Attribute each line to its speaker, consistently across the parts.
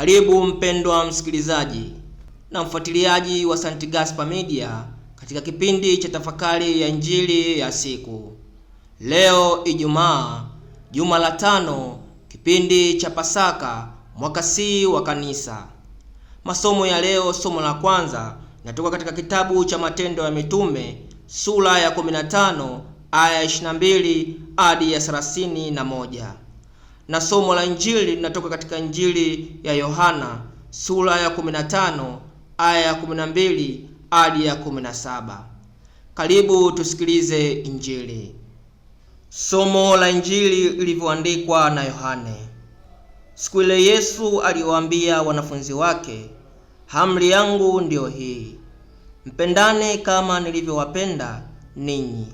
Speaker 1: Karibu mpendwa msikilizaji na mfuatiliaji wa St. Gaspar Media katika kipindi cha tafakari ya Injili ya siku. Leo Ijumaa, juma la tano, kipindi cha Pasaka, mwaka C wa Kanisa. Masomo ya leo, somo la kwanza natoka katika kitabu cha Matendo ya Mitume sura ya 15 aya 22 hadi ya 31 na somo la Injili linatoka katika Injili ya Yohana sura ya 15 aya ya 12 hadi ya 17. Karibu tusikilize Injili. Somo la Injili lilivyoandikwa na Yohane. Siku ile Yesu aliwaambia wanafunzi wake, hamri yangu ndiyo hii, mpendane kama nilivyowapenda ninyi.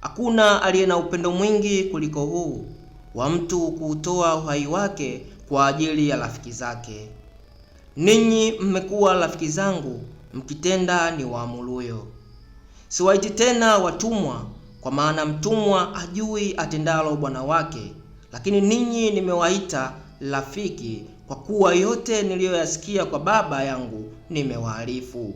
Speaker 1: Hakuna aliye na upendo mwingi kuliko huu wa mtu kuutoa uhai wake kwa ajili ya rafiki zake. Ninyi mmekuwa rafiki zangu mkitenda ni waamuruyo. Siwaiti tena watumwa, kwa maana mtumwa ajui atendalo bwana wake, lakini ninyi nimewaita rafiki, kwa kuwa yote niliyoyasikia kwa Baba yangu nimewaarifu.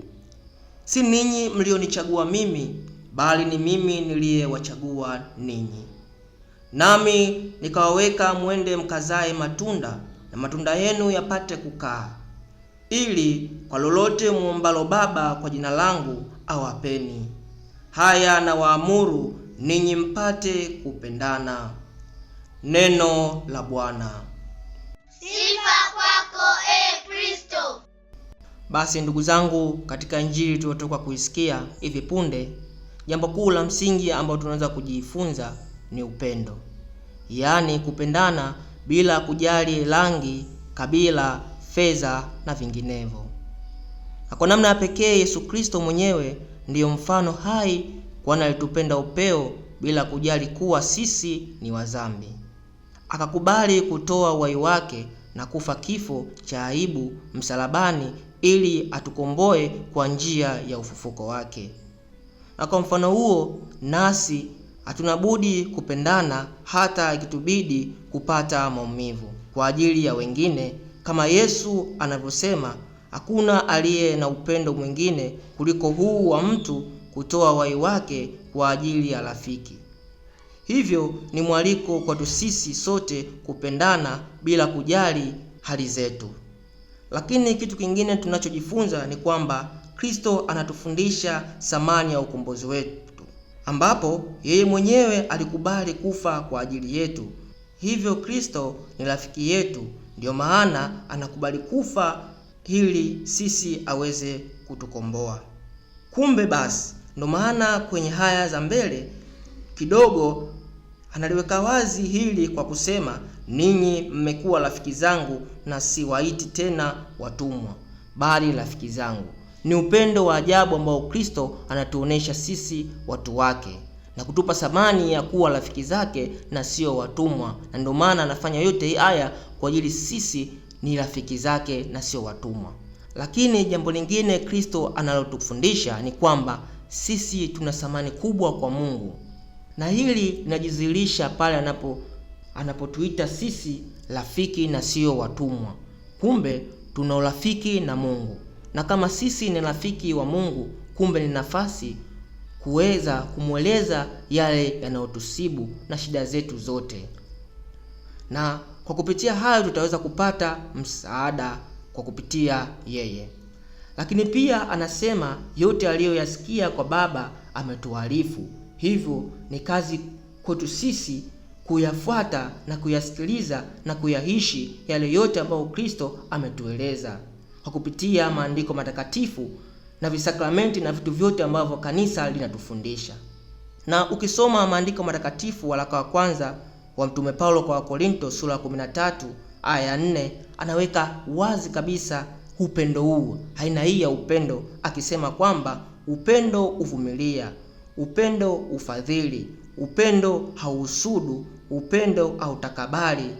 Speaker 1: Si ninyi mlionichagua mimi, bali ni mimi niliyewachagua ninyi nami nikawaweka mwende mkazae matunda na matunda yenu yapate kukaa, ili kwa lolote muombalo Baba kwa jina langu awapeni. Haya nawaamuru ninyi mpate kupendana. Neno la Bwana. Sifa kwako e Kristo.
Speaker 2: Basi ndugu zangu, katika injili tuliyotoka kuisikia hivi punde, jambo kuu la msingi ambalo tunaweza kujifunza ni upendo, yaani kupendana bila kujali rangi, kabila, fedha na vinginevyo. Na kwa namna ya pekee Yesu Kristo mwenyewe ndiyo mfano hai, kwani alitupenda upeo bila kujali kuwa sisi ni wazambi, akakubali kutoa uhai wake na kufa kifo cha aibu msalabani ili atukomboe kwa njia ya ufufuko wake. Na kwa mfano huo nasi Hatuna budi kupendana hata ikitubidi kupata maumivu kwa ajili ya wengine, kama Yesu anavyosema, hakuna aliye na upendo mwingine kuliko huu wa mtu kutoa uhai wake kwa ajili ya rafiki. Hivyo ni mwaliko kwetu sisi sote kupendana bila kujali hali zetu. Lakini kitu kingine tunachojifunza ni kwamba Kristo anatufundisha thamani ya ukombozi wetu ambapo yeye mwenyewe alikubali kufa kwa ajili yetu. Hivyo Kristo ni rafiki yetu, ndiyo maana anakubali kufa ili sisi aweze kutukomboa. Kumbe basi, ndo maana kwenye haya za mbele kidogo analiweka wazi hili kwa kusema, ninyi mmekuwa rafiki zangu na siwaiti tena watumwa, bali rafiki zangu. Ni upendo wa ajabu ambao Kristo anatuonesha sisi watu wake na kutupa samani ya kuwa rafiki zake na sio watumwa, na ndio maana anafanya yote hii haya kwa ajili sisi ni rafiki zake na sio watumwa. Lakini jambo lingine Kristo analotufundisha ni kwamba sisi tuna samani kubwa kwa Mungu, na hili linajidhihirisha pale anapo anapotuita sisi rafiki na sio watumwa. Kumbe tuna urafiki na Mungu na kama sisi ni rafiki wa Mungu, kumbe ni nafasi kuweza kumweleza yale yanayotusibu na shida zetu zote, na kwa kupitia hayo tutaweza kupata msaada kwa kupitia yeye. Lakini pia anasema yote aliyoyasikia kwa Baba ametuarifu, hivyo ni kazi kwetu sisi kuyafuata na kuyasikiliza na kuyaishi yale yote ambayo Kristo ametueleza kwa kupitia maandiko matakatifu na visakramenti na vitu vyote ambavyo kanisa linatufundisha. Na ukisoma maandiko matakatifu, waraka wa kwanza wa Mtume Paulo kwa Wakorinto sura ya 13 aya ya 4, anaweka wazi kabisa upendo huu, aina hii ya upendo, akisema kwamba upendo uvumilia, upendo ufadhili, upendo hauhusudu, upendo hautakabali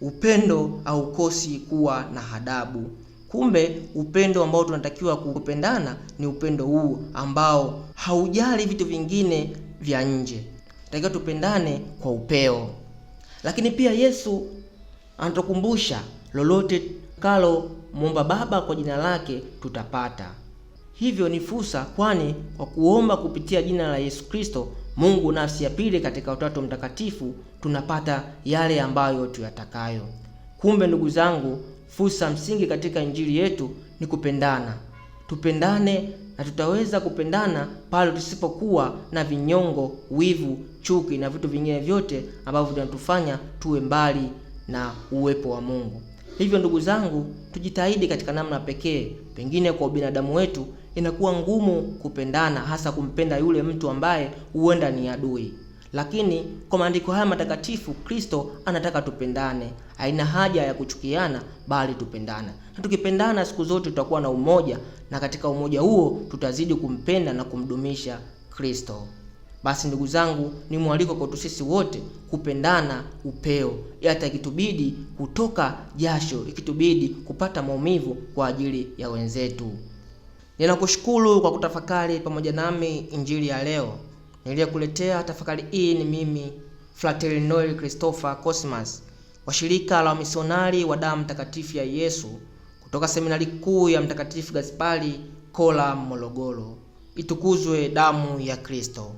Speaker 2: upendo haukosi kuwa na hadabu. Kumbe upendo ambao tunatakiwa kupendana ni upendo huu ambao haujali vitu vingine vya nje. Tunatakiwa tupendane kwa upeo. Lakini pia Yesu anatukumbusha lolote kalo muomba Baba kwa jina lake tutapata. Hivyo ni fursa, kwani kwa kuomba kupitia jina la Yesu Kristo, Mungu nafsi ya pili katika Utatu Mtakatifu, tunapata yale ambayo tuyatakayo. Kumbe ndugu zangu, Fursa msingi katika injili yetu ni kupendana. Tupendane na tutaweza kupendana pale tusipokuwa na vinyongo, wivu, chuki na vitu vingine vyote ambavyo vinatufanya tuwe mbali na uwepo wa Mungu. Hivyo ndugu zangu, tujitahidi katika namna pekee. Pengine kwa ubinadamu wetu inakuwa ngumu kupendana, hasa kumpenda yule mtu ambaye huenda ni adui. Lakini kwa maandiko haya matakatifu Kristo anataka tupendane, haina haja ya kuchukiana, bali tupendane. Na tukipendana siku zote tutakuwa na umoja, na katika umoja huo tutazidi kumpenda na kumdumisha Kristo. Basi ndugu zangu, ni mwaliko kwetu sisi wote kupendana upeo, hata ikitubidi kutoka jasho, ikitubidi kupata maumivu kwa ajili ya wenzetu. Ninakushukuru kwa kutafakari pamoja nami injili ya leo. Niliyekuletea tafakari hii ni mimi Frateli Noel Christopher Cosmas wa shirika la wamisionari wa damu mtakatifu ya Yesu kutoka seminari kuu ya Mtakatifu Gaspari Kola, Morogoro. Itukuzwe damu ya Kristo!